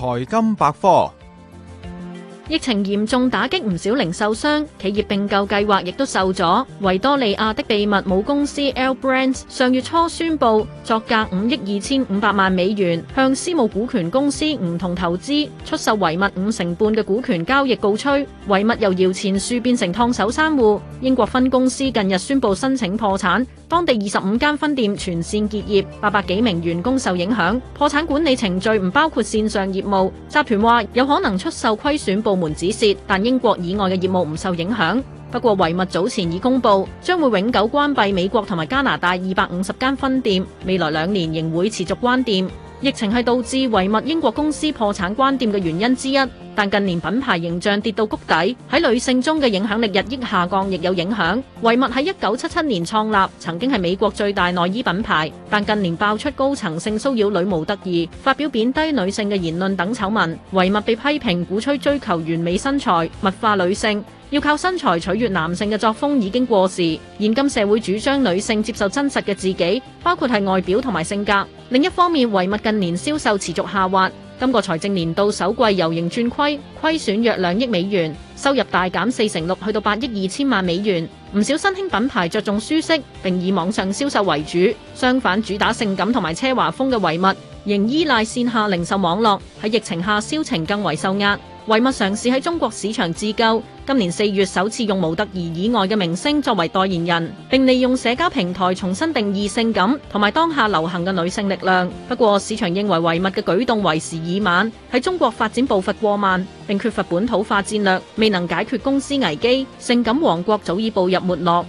財經百科。疫情嚴重打擊唔少零售商，企業併購計劃亦都受阻。維多利亞的秘密母公司 L Brands 上月初宣布作價五億二千五百萬美元向私募股權公司梧桐投資出售維密五成半嘅股權，交易告吹。維密由搖錢樹變成燙手山芋，英國分公司近日宣布申請破產，當地二十五間分店全線結業，八百幾名員工受影響。破產管理程序唔包括線上業務。集團話有可能出售虧損部門止蝕，但英國以外嘅業務唔受影響。不過維密早前已公布，將會永久關閉美國同埋加拿大二百五十間分店，未來兩年仍會持續關店。疫情係導致維密英國公司破產關店嘅原因之一。但近年品牌形象跌到谷底，喺女性中嘅影響力日益下降，亦有影響。維密喺一九七七年創立，曾經係美國最大內衣品牌，但近年爆出高層性騷擾女模特兒，發表貶低女性嘅言論等醜聞，維密被批評鼓吹追求完美身材、物化女性，要靠身材取悅男性嘅作風已經過時。現今社會主張女性接受真實嘅自己，包括係外表同埋性格。另一方面，維密近年銷售持續下滑。今個財政年度首季由盈轉虧，虧損約兩億美元，收入大減四成六，去到八億二千萬美元。唔少新興品牌着重舒適，並以網上銷售為主；相反，主打性感同埋奢華風嘅維密，仍依賴線下零售網絡，喺疫情下銷情更為受壓。維密嘗試喺中國市場自救，今年四月首次用模特兒以外嘅明星作為代言人，並利用社交平台重新定義性感同埋當下流行嘅女性力量。不過市場認為維密嘅舉動為時已晚，喺中國發展步伐過慢，並缺乏本土化戰略，未能解決公司危機。性感王國早已步入沒落。